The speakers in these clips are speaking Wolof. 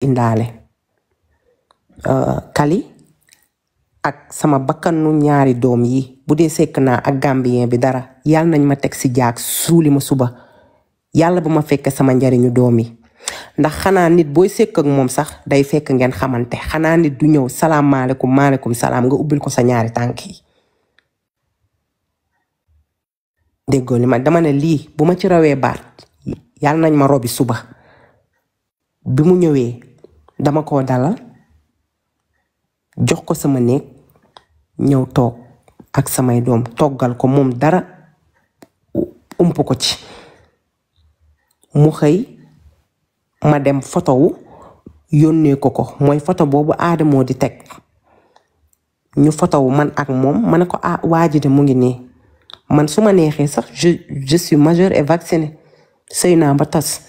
indaale eh, Kali ak sama bakkanu ñaari doom yi bu dee sekk naa ak gambien bi dara yàlla nañ ma teg si jaag suuli ma suba yàlla bu ma sama njariñu doom yi ndax xanaa nit booy sekk ak moom sax day fekk ngeen xamante xanaa nit du ñëw salaamaaleykum maaleykum salaam nga ubbil ko sa ñaari tànk yi déggoo li ma dama ne lii bu ma ci rawee baat yàlla nañ ma robi suba bi mu dama ko dalal jox ko sama néeg ñew tok ak samay doom toggal ko mom dara um ko ci mu xey ma dem wu yonne ko ko mooy foto bobo aadamoo di tek ñu wu man ak mom man ko a ah, waji de mu ngi ni man suma nexé sax je je suis majeur et vacciné ba tass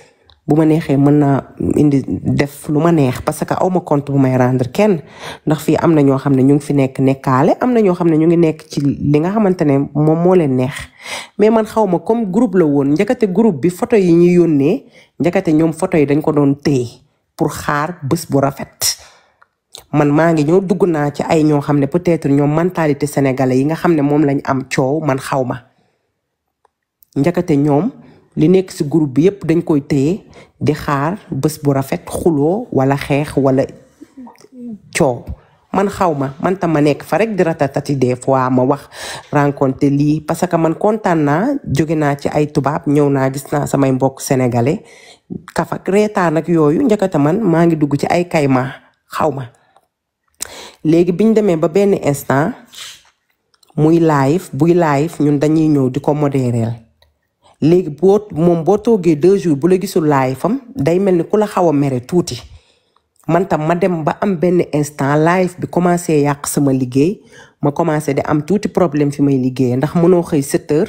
bu nexé mëna indi def luma ma neex parce que awma compte bu may rendre kenn ndax fi amna na xamné ñu ngi fi nekk nekkalé amna na xamné ñu ngi nekk ci li nga xamantene mom mo leen neex mais man xawma comme groupe la won njëkkate groupe bi photo yi ñi yonné njëkkate ñom photo yi dañ ko doon pour xaar bëss bu rafet man ma ngi ñoo dugg ci ay ñoo xam peut-être ñoom mentalité sénégalais yi nga xam moom lañ am ciow man xawma ma ñoom li nekk ci groupe bi yëpp dañ koy téye di xaar bés bu rafet xuloo wala xeex wala coow man xawma ma man tam ma nekk fa rek di ratatati des fois ma wax rencontre li parce que man kontaan naa jóge naa ci ay tubaab ñëw naa gis naa samay mbokk sénégalais kafak reetaan ak yooyu njëkkata man maa ngi dugg ci ay kayma xawma ma léegi biñ demee ba benn instant muy live buy live ñun dañuy ñëw di ko léegi boo moom boo toogee deux jours bu la gisul laay fam day mel ni ku la xaw a mere tuuti man tam ma dem ba am benn instant live bi commencé yàq sama liggéey ma commencé di am tuuti problème fi may liggéeyee ndax mënoo xëy 7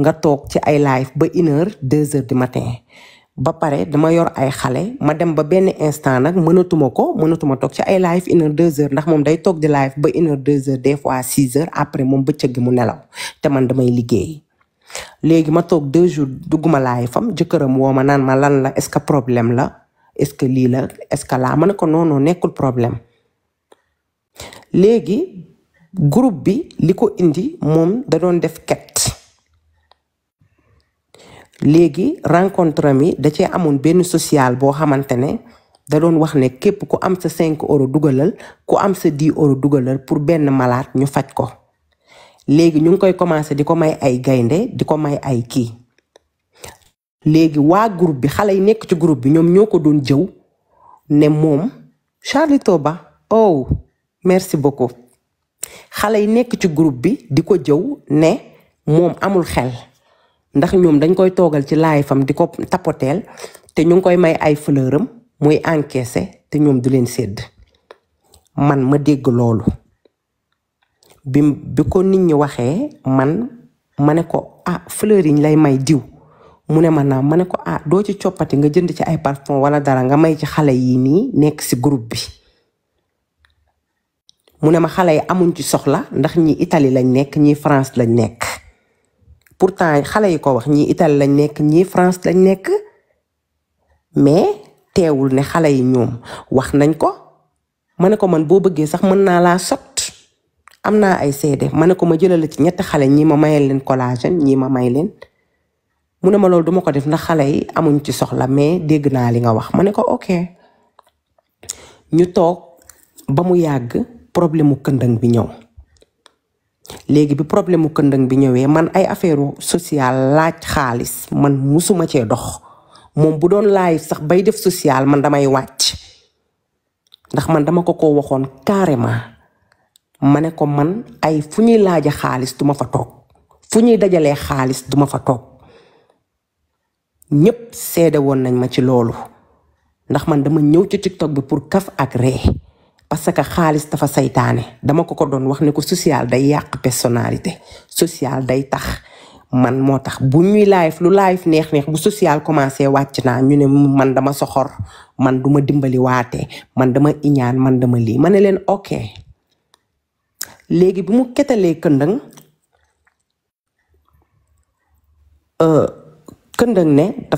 nga toog ci ay live ba une heure deux heures du ba pare dama yor ay xale ma dem ba benn instant nag mënatuma ko mënatuma toog ci ay live une heure deux heures ndax moom day toog di live ba une heure deux heures des fois six heures après moom bëccëg gi mu nelaw te man damay liggéey léegi ma toog deux jours dugguma laay fam jëkkëram woo ma naan ma lan la est-ce que problème la est-ce que lii la est-ce que laa ma ne ko noonu nekkul problème léegi groupe bi li ko indi moom da doon def ket léegi rencontre mi da cee amoon benn social boo xamante ne da doon wax ne képp ku am sa cinq euro dugalal ku am sa di euro dugalal pour benn malade ñu faj ko léegi ñu ngi koy commencé di ko may ay gaynde di ko may ay kii léegi waa groupe bi xale yi nekk ci groupe bi ñoom ñoo ko doon jëw ne moom Charlie Ba oh merci beaucoup xale yi nekk ci groupe bi di ko jëw ne moom amul xel ndax ñoom dañ koy toogal ci laay fam di ko tapoteel te ñu ngi koy may ay fleuram muy encaissé te ñoom du leen sédd man ma dégg loolu bim bi ko nit ñi waxé man mané ko ah fleur yi lay may diw mu ne ma naa ma ko ah do ci ciopati nga jënd ci ay parfum wala dara nga may ci xalé yi ni nek ci groupe bi mu ne ma xalé yi amuñ ci soxla ndax ñi Italie lañ nek ñi France lañ nek pourtant xalé yi ko wax ñi Italie lañ nek ñi France lañ nek mais téwul ne xalé yi ñoom wax nañ ko mané ko man bo bëggé sax mën na la sok amna ay cede mana ko ma jëlale ci ñett xalé ñi ma mayel leen collagen ñi ma may leen mune ma loolu duma ko def ndax xalé yi amuñ ci soxla mais dégg na li nga wax ma ko ok ñu tok ba mu yagg problème bi ñëw légui bi problème mu këndëng bi ñëwee man ay affaire social laaj xaaliss man musuma ci dox mom bu doon laay sax bay def social man damay wacc ndax man dama ko ko waxon carrément ma ne ko man ay fu ñuy laaja xaalis duma fa toog fu dajalee xaalis duma fa toog ñépp seede woon nañ ma ci loolu ndax man dama ñëw ci toog bi pour kaf ak parce que xaalis dafa saytaane dama ko ko doon wax ne ko social day yàq personnalité social day tax man moo tax bu ñuy live lu live neex neex bu social commencé wàcc naa ñu ne man dama soxor man duma dimbali waate man dama iñaan man dama lii ma ne leen ok léegi bu mu ketalee këndëng euh, këndëng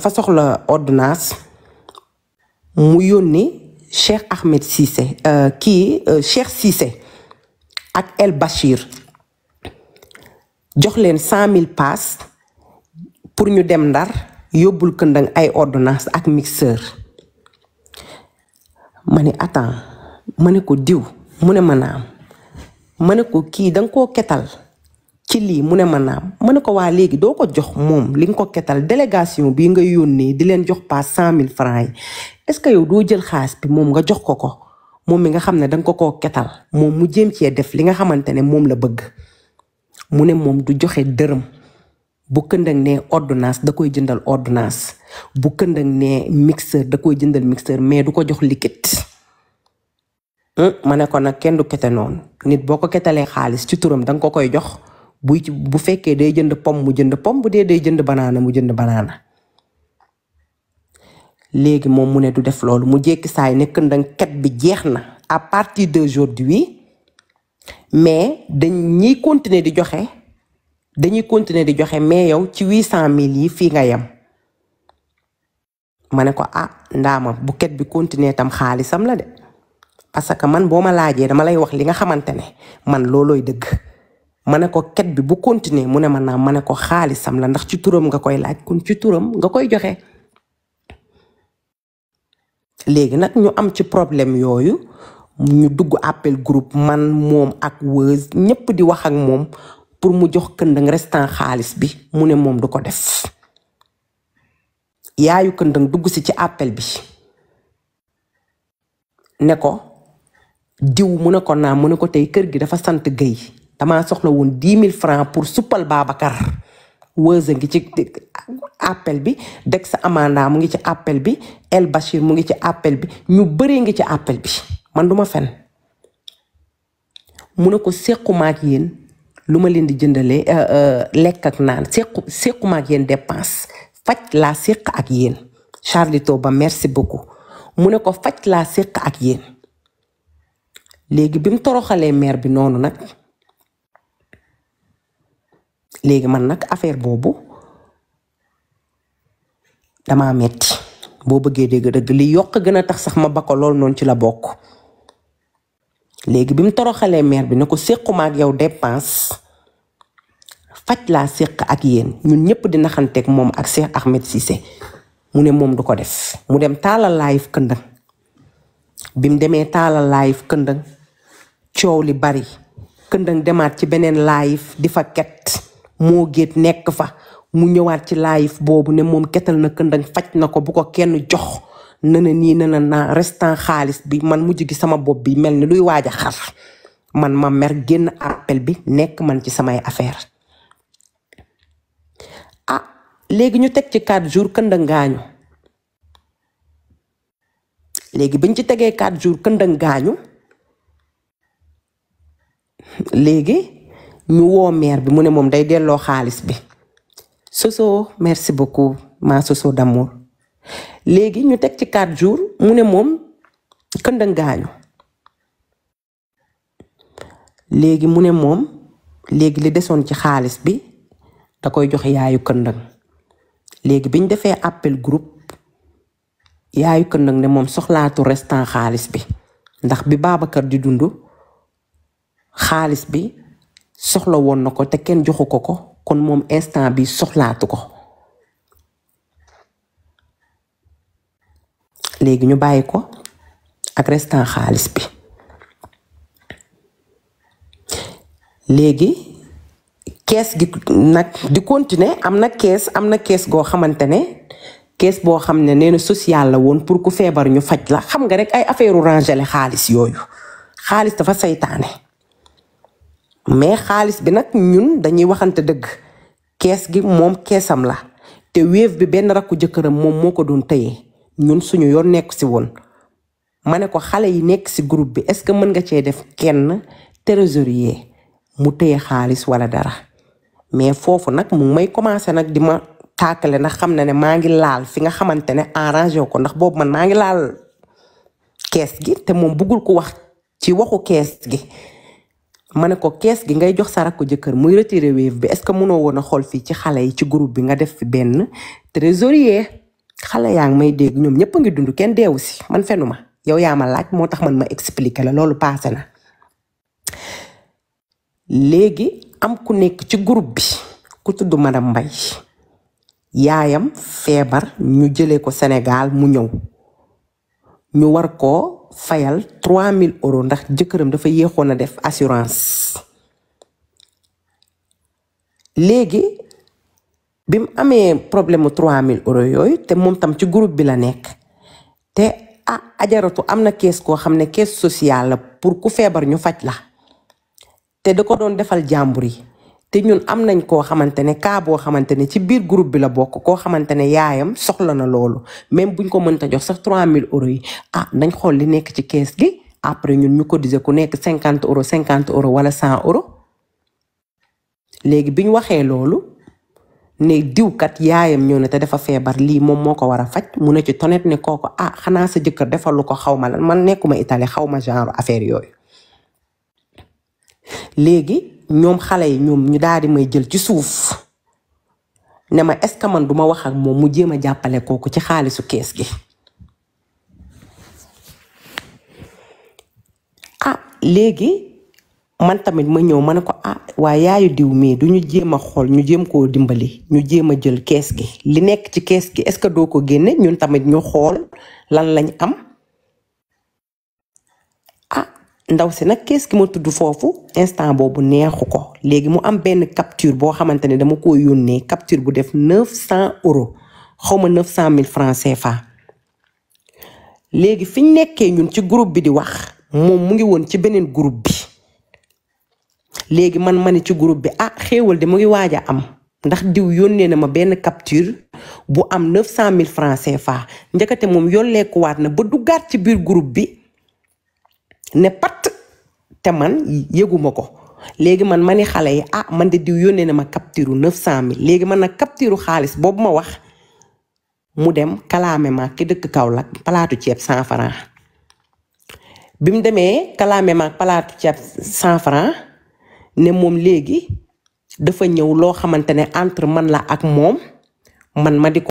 ordonnance mu Cheikh Ahmed Cissé euh, euh, Cheikh ak El Bachir jox cent mille pour ñu dem ndar yóbbul këndëng ay ordonnance ak mixeur ma ne ko mu ma ne ko kii danga koo ketal ci lii mu ne ma naam ma ne ko waa léegi doo ko jox moom li nga ko ketal délégation bii nga yónnee di leen jox pas cent mille francs yi est-ce que yow doo jël xaas bi moom nga jox ko ko moom mi nga xam ne danga ko koo ketal moom mu jéem cee def li nga xamante ne moom la bëgg mu ne moom du joxe dërëm bu këndëng ne ordonnance da koy jëndal ordinance bu këndëng nee mixeur da koy jëndal mixeur mais du ko jox liquide ma ne ko nag kenn du kete noonu nit boo ko ketalee xaalis ci turam danga ko koy jox bu bu fekkee day jënd pom mu jënd pom bu dee day jënd banaana mu jënd banaana léegi moom mu ne def loolu mu jékki saay ne këndang ket bi jeex na à partir d'aujourd'hui mais dañ ñiy continuer di joxe dañuy continuer di joxe mais yow ci huit cent mille yi fii nga yem ma ne ko ah ndaamam bu ket bi continuer tam xaalisam la de parce que man boma ma dama lay wax li nga xamantene man loloy deug mana ko ket bi bu continuer mune man na naa ko xaalisam la ndax ci turum nga koy laaj kun ci turum nga koy joxe. légui nak ñu am ci problème yoyu ñu dugg appel groupe man mom ak Weuz ñepp di wax ak mom pour mu jox ng restant khalis bi mune mom moom du ko def yaayu ng dugg ci appel bi neko. diw mu ne ko naam mu ne ko tey kër gi dafa sant Guèye dama soxla woon dix mille francs pour suppal Babacar Weuze ngi ci appel bi Dex Amanda mu ngi ci appel bi El Bachir mu ngi ci appel bi ñu bëree ngi ci appel bi man duma fen mu ne ko séquma ak yéen lu ma leen di jëndalee euh, euh, lekk ak naan sequ séquma ak yéen dépense faj laa seq ak yéen Charlie Toba merci beaucoup mu ne ko faj laa seq ak yéen léegi bi mu toroxalee maire bi noonu nag léegi man nag affaire boobu dama metti boo bëggee dégg dëgg li yokk gën a tax sax ma ba lool noonu ci la bokk léegi bi mu toroxalee maire bi ne ko séquma ak yow dépense faj laa séq ak yéen ñun ñëpp di naxanteeg moom ak Cheikh Ahmed Cissé mu ne moom du ko def mu dem taala live këndëng bi mu demee taala live këndëng coow li bari këndang demaat ci beneen live di fa ket moo géet nekk fa mu ñëwaat ci live boobu ne moom ketal na këndang faj na ko bu ko kenn jox na na nii na na restant xaalis bi man mujj gi sama bopp bi mel ni luy waaj a xar man ma mer génn appel bi nekk man ci samay affaire ah léegi ñu teg ci quatre jours këndang gaañu léegi biñ ci tegee quatre jours këndang gaañu léegi ñu woo maire bi mu ne moom day delloo xaalis bi Soso merci beaucoup ma Soso d'amour léegi ñu teg ci quatre jours mu ne moom këndëng gaañu léegi mu ne moom léegi li desoon ci xaalis bi da koy jox yaayu këndëng léegi biñ defee appel groupe yaayu këndëng ne moom soxlaatu restant xaalis bi ndax bi Babacar di dund xaalis bi soxlawoon na ko te kenn joxu ko ko kon moom instant bi soxlaatu ko léegi ñu bàyyi ko ak restant xaalis bi léegi kees gi nag di continuer am na kees am na kees goo xamante ne kees boo xam ne nee na social la woon pour ku feebar ñu faj la xam nga rek ay affaire rangele xaalis yooyu xaalis dafa seytaane mais xaalis bi nag ñun dañuy waxante dëgg kees gi moom keesam la te Wave bi benn rakku jëkkëram moom moo ko doon teye ñun suñu yoon nekk si woon ma ne ko xale yi nekk si groupe bi est-ce que mën nga cee def kenn trésorier mu tëye xaalis wala dara mais foofu nag mu may commencé nag di ma tàkkale ndax xam na ne maa ngi laal fi nga xamante ne arrangé ko ndax boobu man maa ngi laal kees gi te moom bëggul ko wax ci waxu kees gi mané ko kess gi ngay jox sa rakku jëkkër muy retiré Wave bi est-ce que mënoo woon a xool ci xalé yi ci groupe bi nga def fi ben trésorier xalé may dégg ñom ñepp nga dund kenn ci man fénuma yow yaa ma laaj motax man ma expliquer la lolu passé na. légui am ku nekk ci groupe bi ku tuddu madame mbay yaayam ñu jëlé ko Sénégal mu ñëw ñu war ko fayal 3000 euros ndax jëkkëram dafa yéexoon a def assurance léegi bi mu amee problème mu 3000 euro yooyu te moom tam ci groupe bi la nekk te ah ajaratu am na kees koo xam ne kees sociale la pour ku feebar ñu faj la te da ko doon defal jàmbur yi. te ñun am nañ koo xamante ne cas boo xamante ne ci biir groupe bi la bokk koo xamante ne yaayam soxla na loolu même buñ ko mënta jox sax 3000 euros yi ah nañ xool li nekk ci kees gi après ñun ñu cotiser ku nekk cinquante euros 50 euros wala cent euros léegi bi ñu waxee loolu ne diwkat yaayam ñëw na te dafa feebar lii moom moo ko war a faj mu ne ci tonet ne kooku ah xanaa sa jëkkër defalu ko xaw ma man nekkuma itali xaw ma genre affaire yooyu léegi. ñoom xale yi ñoom ñu daal di may jël ci suuf ne ma est-ce que man duma wax ak moom mu jéem a jàppale kooku ci xaalisu kees gi ah léegi man tamit ma ñëw ma ne ko ah waaye yaayu diw mii du ñu jéem a xool ñu jéem koo dimbali ñu jéem a jël kees gi li nekk ci kees gi est-ce que doo ko génne ñun tamit ñu xool lan lañ am ndaw si nag kees gi ma tudd foofu instant boobu neexu ko léegi mu am benn capture boo xamante ne dama ko yónnee capture bu def neuf cent euros xaw ma neuf cent mille francais CFA léegi fiñ nekkee ñun ci groupe bi di wax moom mu ngi woon ci beneen groupe bi léegi man ma ne ci groupe bi ah xéewal de mu ngi waaj a am ndax diw yónnee na ma benn capture bu am neuf cent mille francs CFA njëkkate moom yolleekuwaat na ba duggaat ci biir groupe bi ne pat te man yëguma ko léegi man ma ni xale yi ah man de diw yónnee na ma capture neuf cent mille léegi man nag capture xaalis boobu ma wax mu dem kalaame ma ki dëkk Kaolack palaatu ceeb cent franc bi mu demee kalaame ma palaatu ceeb cent franc ne moom léegi dafa ñëw loo xamante ne entre man la ak moom man ma di ko